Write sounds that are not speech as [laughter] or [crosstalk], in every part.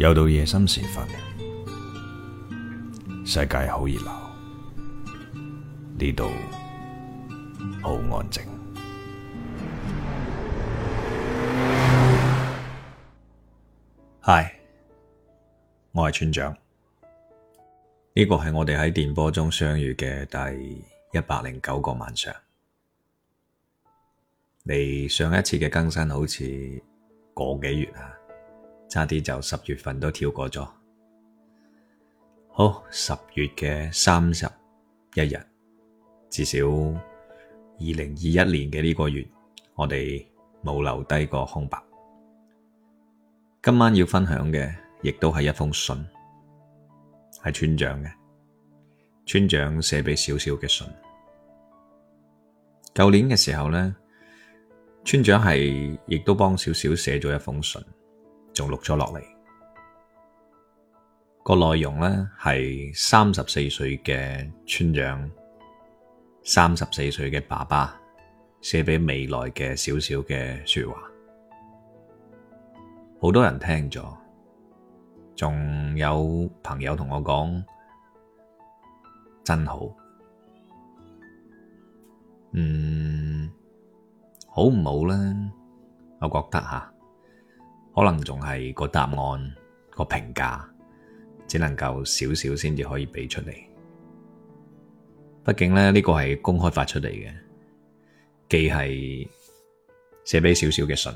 又到夜深時分，世界好熱鬧，呢度好安靜。嗨，我係村長，呢個係我哋喺電波中相遇嘅第一百零九個晚上。離上一次嘅更新好似個幾月啊？差啲就十月份都跳過咗。好，十月嘅三十一日，至少二零二一年嘅呢個月，我哋冇留低過空白。今晚要分享嘅，亦都係一封信，係村長嘅。村長寫畀小小嘅信。舊年嘅時候呢，村長係亦都幫小小寫咗一封信。仲錄咗落嚟，個內容呢係三十四歲嘅村長，三十四歲嘅爸爸寫俾未來嘅小小嘅說話，好多人聽咗，仲有朋友同我講真好，嗯，好唔好呢？我覺得吓。可能仲係個答案，個評價，只能夠少少先至可以畀出嚟。畢竟呢，呢個係公開發出嚟嘅，既係寫畀少少嘅信，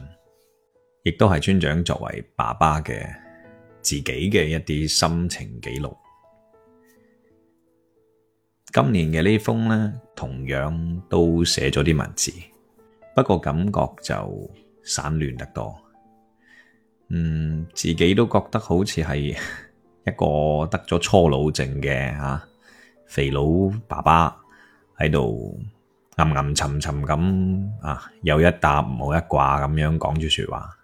亦都係村長作為爸爸嘅自己嘅一啲心情記錄。今年嘅呢封呢，同樣都寫咗啲文字，不過感覺就散亂得多。嗯，自己都覺得好似係一個得咗初老症嘅啊，肥佬爸爸喺度暗暗沉沉咁啊，有一搭冇一掛咁樣講住說話。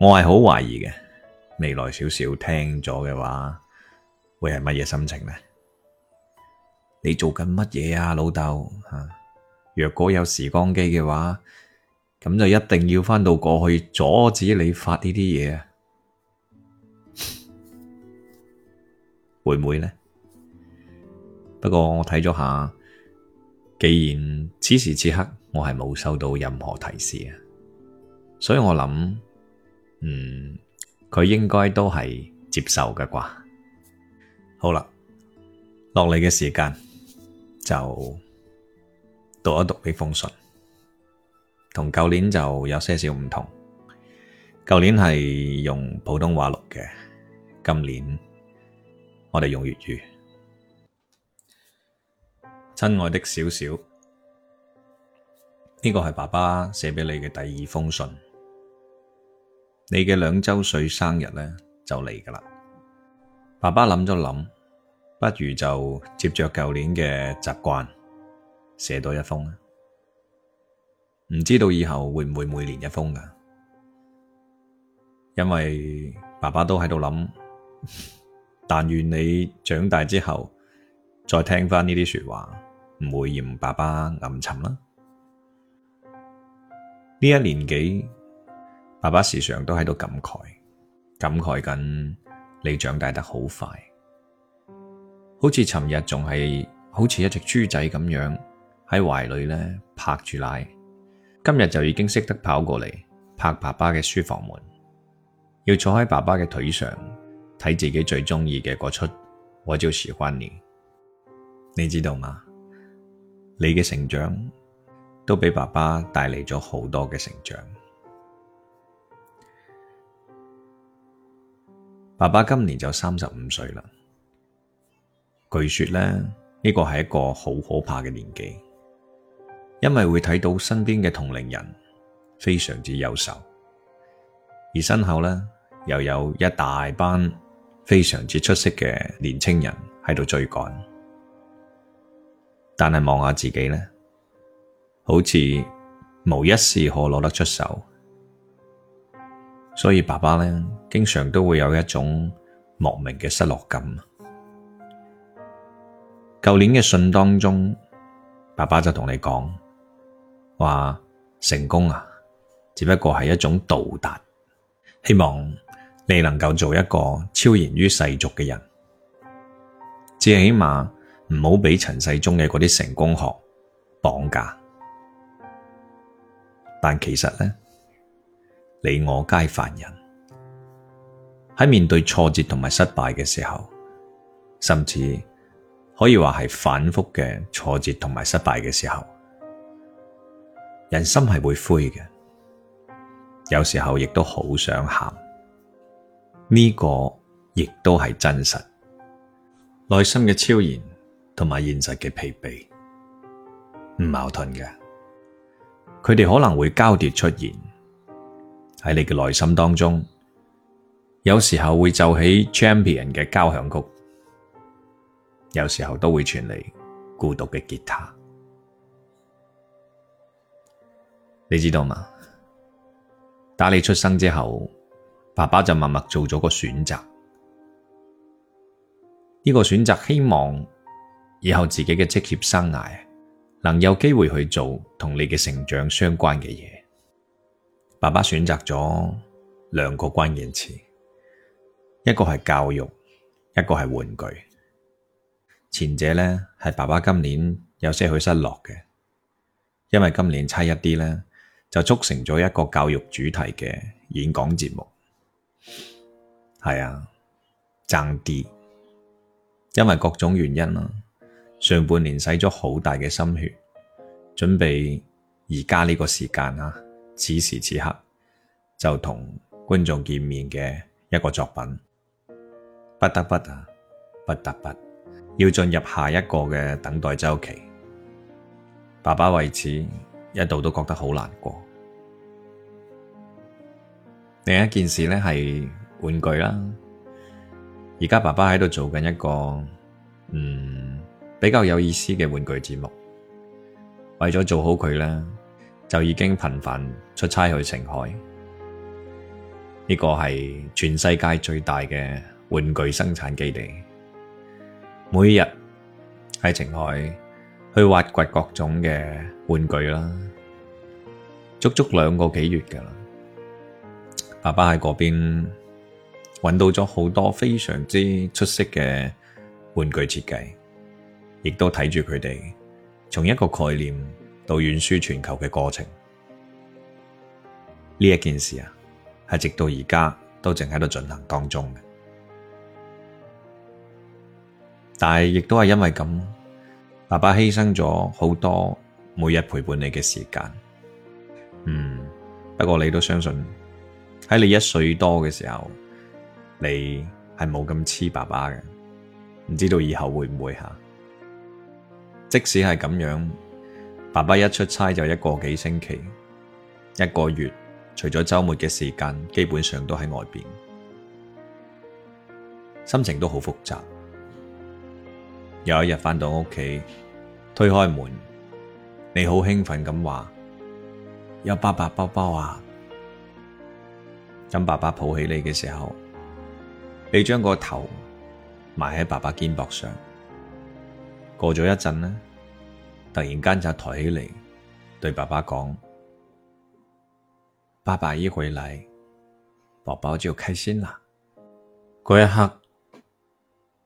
我係好懷疑嘅，未來小小聽咗嘅話，會係乜嘢心情呢？你做緊乜嘢啊，老豆啊？若果有時光機嘅話。咁就一定要返到過去，阻止你發呢啲嘢啊！ [laughs] 會唔會呢？不過我睇咗下，既然此時此刻我係冇收到任何提示啊，所以我諗，嗯，佢應該都係接受嘅啩。好啦，落嚟嘅時間就讀一讀呢封信。同舊年就有些少唔同，舊年係用普通話錄嘅，今年我哋用粵語。親愛的小小，呢個係爸爸寫畀你嘅第二封信。你嘅兩周歲生日呢，就嚟㗎喇，爸爸諗咗諗，不如就接着舊年嘅習慣寫多一封。唔知道以後會唔會每年一封噶，因為爸爸都喺度諗。但願你長大之後再聽返呢啲說話，唔會嫌爸爸吟沉啦。呢一年幾，爸爸時常都喺度感慨，感慨緊你長大得好快，好似尋日仲係好似一隻豬仔咁樣喺懷裏呢拍住奶。今日就已經識得跑過嚟拍爸爸嘅書房門，要坐喺爸爸嘅腿上睇自己最鍾意嘅嗰出《我就喜歡你》，你知道嗎？你嘅成長都畀爸爸帶嚟咗好多嘅成長。爸爸今年就三十五歲啦，據說呢，呢、呢個係一個好可怕嘅年紀。因為會睇到身邊嘅同齡人非常之優秀，而身後呢，又有一大班非常之出色嘅年輕人喺度追趕，但係望下自己呢，好似無一事可攞得出手，所以爸爸呢，經常都會有一種莫名嘅失落感。舊年嘅信當中，爸爸就同你講。話成功啊，只不過係一種到達，希望你能夠做一個超然於世俗嘅人，最起碼唔好畀塵世中嘅嗰啲成功學綁架。但其實呢，你我皆凡人，喺面對挫折同埋失敗嘅時候，甚至可以話係反覆嘅挫折同埋失敗嘅時候。人心係會灰嘅，有時候亦都好想喊，呢個亦都係真實。內心嘅超然同埋現實嘅疲憊唔矛盾嘅，佢哋可能會交疊出現喺你嘅內心當中。有時候會奏起《Champion》嘅交響曲，有時候都會傳嚟孤獨嘅吉他。你知道嗎？打你出生之後，爸爸就默默做咗個選擇。呢個選擇希望以後自己嘅職業生涯能有機會去做同你嘅成長相關嘅嘢。爸爸選擇咗兩個關鍵詞，一個係教育，一個係玩具。前者呢係爸爸今年有些許失落嘅，因為今年差一啲呢。就促成咗一個教育主題嘅演講節目，係啊，爭啲，因為各種原因啊。上半年使咗好大嘅心血，準備而家呢個時間啊，此時此刻就同觀眾見面嘅一個作品，不得不啊，不得不要進入下一個嘅等待周期。爸爸為此一度都覺得好難過。另一件事呢，係玩具啦，而家爸爸喺度做緊一個嗯比較有意思嘅玩具節目，為咗做好佢啦，就已經頻繁出差去澄海。呢個係全世界最大嘅玩具生產基地，每日喺澄海。去挖掘各種嘅玩具啦，足足兩個幾月㗎喇。爸爸喺嗰邊揾到咗好多非常之出色嘅玩具設計，亦都睇住佢哋從一個概念到遠輸全球嘅過程。呢一件事啊，係直到而家都正喺度進行當中嘅。但係亦都係因為咁。爸爸犧牲咗好多每日陪伴你嘅時間，嗯，不過你都相信喺你一歲多嘅時候，你係冇咁黐爸爸嘅，唔知道以後會唔會吓？即使係咁樣，爸爸一出差就一個幾星期，一個月，除咗周末嘅時間，基本上都喺外邊，心情都好複雜。有一日返到屋企，推開門，你好興奮咁話：有爸爸包包啊！等爸爸抱起你嘅時候，你將個頭埋喺爸爸肩膊上。過咗一陣呢，突然間就抬起嚟，對爸爸講：爸爸一回嚟，寶寶就開心啦。嗰一刻，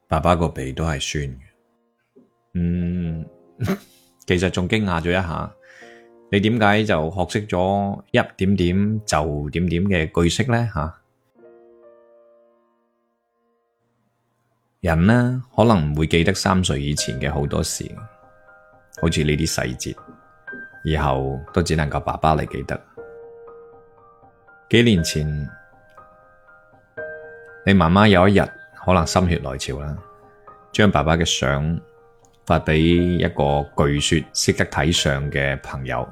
爸爸個鼻都係酸嘅。嗯，其實仲驚訝咗一下，你點解就學識咗一點點就點點嘅句式呢？吓、啊、人呢，可能唔會記得三歲以前嘅好多事，好似呢啲細節，以後都只能夠爸爸嚟記得。幾年前你媽媽有一日可能心血來潮啦，將爸爸嘅相，發畀一個據說識得睇相嘅朋友，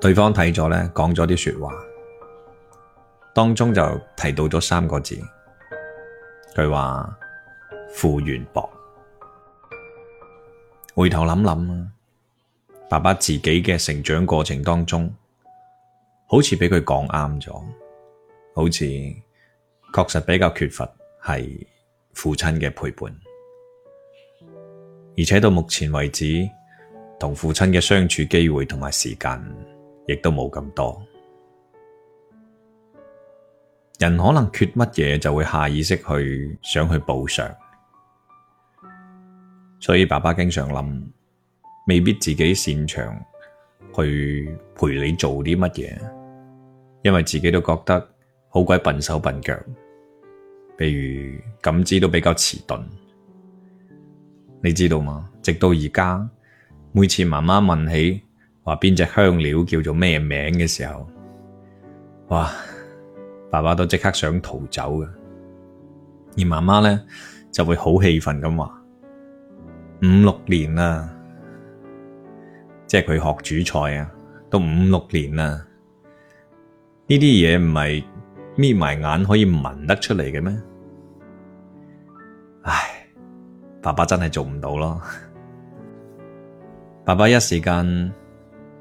對方睇咗呢，講咗啲說話，當中就提到咗三個字，佢話父緣薄。回頭諗諗啊，爸爸自己嘅成長過程當中，好似俾佢講啱咗，好似確實比較缺乏係父親嘅陪伴。而且到目前為止，同父親嘅相處機會同埋時間，亦都冇咁多。人可能缺乜嘢，就會下意識去想去補償。所以爸爸經常諗，未必自己擅長去陪你做啲乜嘢，因為自己都覺得好鬼笨手笨腳，譬如感知都比較遲鈍。你知道嗎？直到而家，每次媽媽問起話邊隻香料叫做咩名嘅時候，哇，爸爸都即刻想逃走嘅。而媽媽咧就會好氣憤咁話：五六年啦，即係佢學煮菜啊，都五六年啦，呢啲嘢唔係眯埋眼可以聞得出嚟嘅咩？唉。爸爸真係做唔到咯，爸爸一時間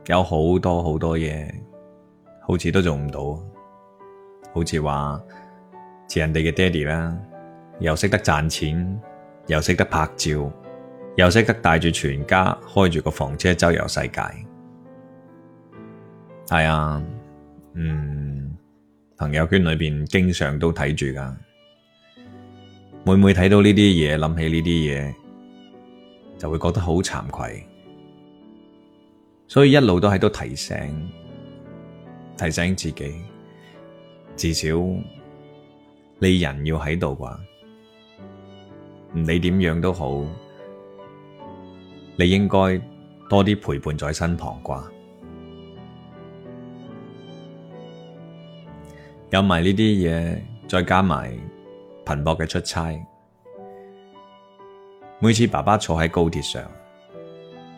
有好多好多嘢，好似都做唔到，好似話似人哋嘅爹哋啦，又識得賺錢，又識得拍照，又識得帶住全家開住個房車周遊世界，係啊，嗯，朋友圈裏邊經常都睇住噶。每每睇到呢啲嘢，諗起呢啲嘢，就會覺得好慚愧。所以一路都喺度提醒，提醒自己，至少你人要喺度啩。唔理點樣都好，你應該多啲陪伴在身旁啩。有埋呢啲嘢，再加埋。頻薄嘅出差，每次爸爸坐喺高鐵上，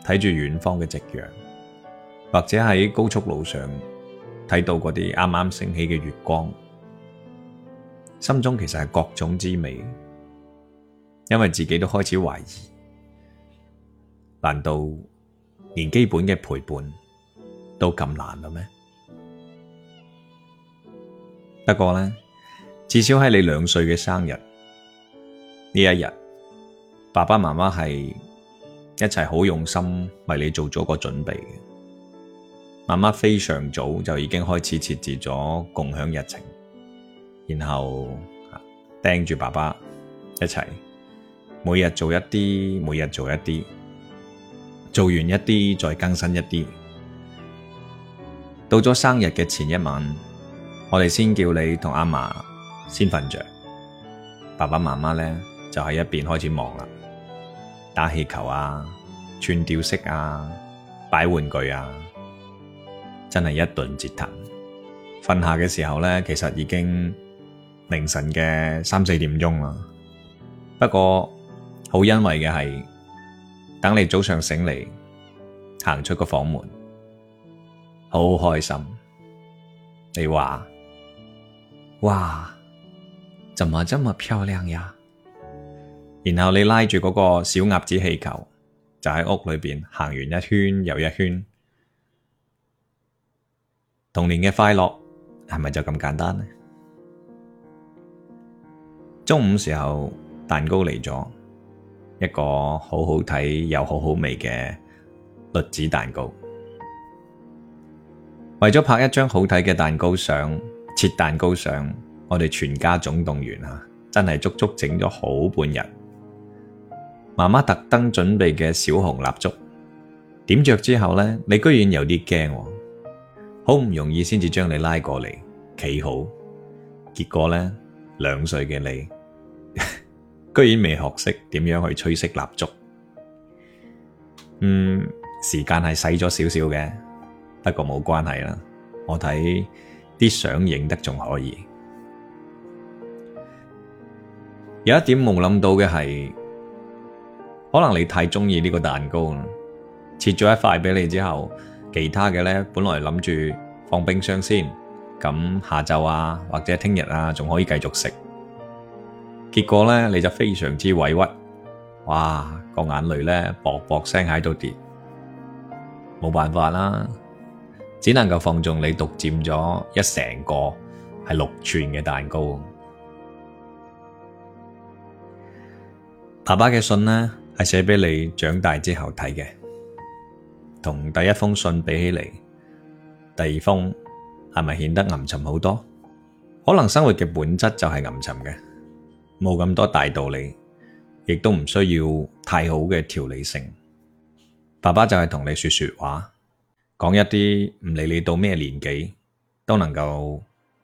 睇住遠方嘅夕陽，或者喺高速路上睇到嗰啲啱啱升起嘅月光，心中其實係各種滋味。因為自己都開始懷疑，難道連基本嘅陪伴都咁難啦咩？不過呢。至少喺你兩歲嘅生日呢一日，爸爸媽媽係一齊好用心為你做咗個準備嘅。媽媽非常早就已經開始設置咗共享日程，然後盯住爸爸一齊每日做一啲，每日做一啲，做完一啲再更新一啲。到咗生日嘅前一晚，我哋先叫你同阿嫲先瞓着，爸爸媽媽咧就喺一邊開始忙啦，打氣球啊、串吊飾啊、擺玩具啊，真係一頓折騰。瞓下嘅時候咧，其實已經凌晨嘅三四點鐘啦。不過好欣慰嘅係，等你早上醒嚟，行出個房門，好，好開心。你話，哇！怎麼這麼漂亮呀？然後你拉住嗰個小鴨子氣球，就喺屋裏邊行完一圈又一圈。童年嘅快樂係咪就咁簡單呢？中午時候，蛋糕嚟咗，一個好好睇又好好味嘅栗子蛋糕。為咗拍一張好睇嘅蛋糕相，切蛋糕相。我哋全家總動員啊，真係足足整咗好半日。媽媽特登準備嘅小紅蠟燭，點着之後呢，你居然有啲驚，好唔容易先至將你拉過嚟企好。結果呢，兩歲嘅你 [laughs] 居然未學識點樣去吹熄蠟燭。嗯，時間係細咗少少嘅，不過冇關係啦。我睇啲相影得仲可以。有一點冇諗到嘅係，可能你太鍾意呢個蛋糕啦，切咗一塊俾你之後，其他嘅呢，本來諗住放冰箱先，咁下晝啊或者聽日啊仲可以繼續食，結果呢，你就非常之委屈，哇個眼淚呢，啵啵聲喺度跌，冇辦法啦，只能夠放縱你獨佔咗一整個係六寸嘅蛋糕。爸爸嘅信呢，係寫俾你長大之後睇嘅。同第一封信比起嚟，第二封係咪顯得暗沉好多？可能生活嘅本質就係暗沉嘅，冇咁多大道理，亦都唔需要太好嘅條理性。爸爸就係同你說說話，講一啲唔理你到咩年紀都能夠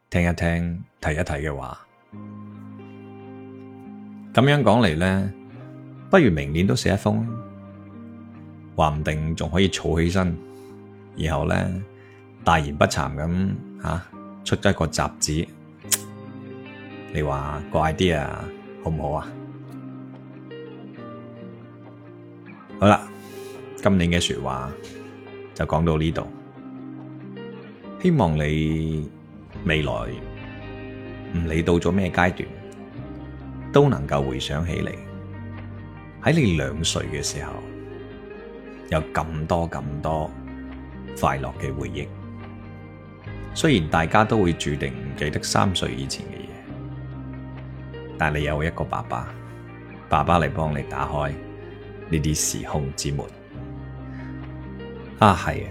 聽一聽、睇一睇嘅話。咁樣講嚟呢？不如明年都寫一封，話唔定仲可以儲起身，然後咧大言不慚咁吓出咗一個雜誌，你話個 idea 好唔好啊？好啦，今年嘅說話就講到呢度，希望你未來唔理到咗咩階段，都能夠回想起嚟。喺你兩歲嘅時候，有咁多咁多快樂嘅回憶。雖然大家都會注定唔記得三歲以前嘅嘢，但你有一個爸爸，爸爸嚟幫你打開呢啲時空之門。啊，係嘅，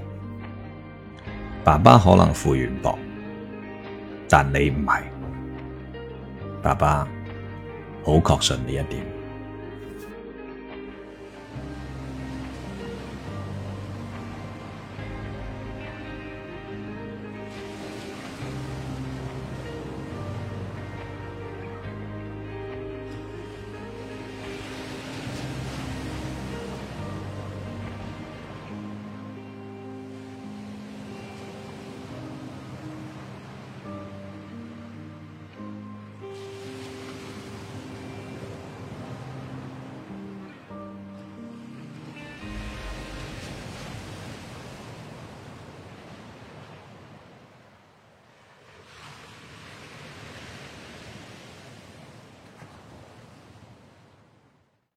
爸爸可能富源博，但你唔係。爸爸好確信呢一點。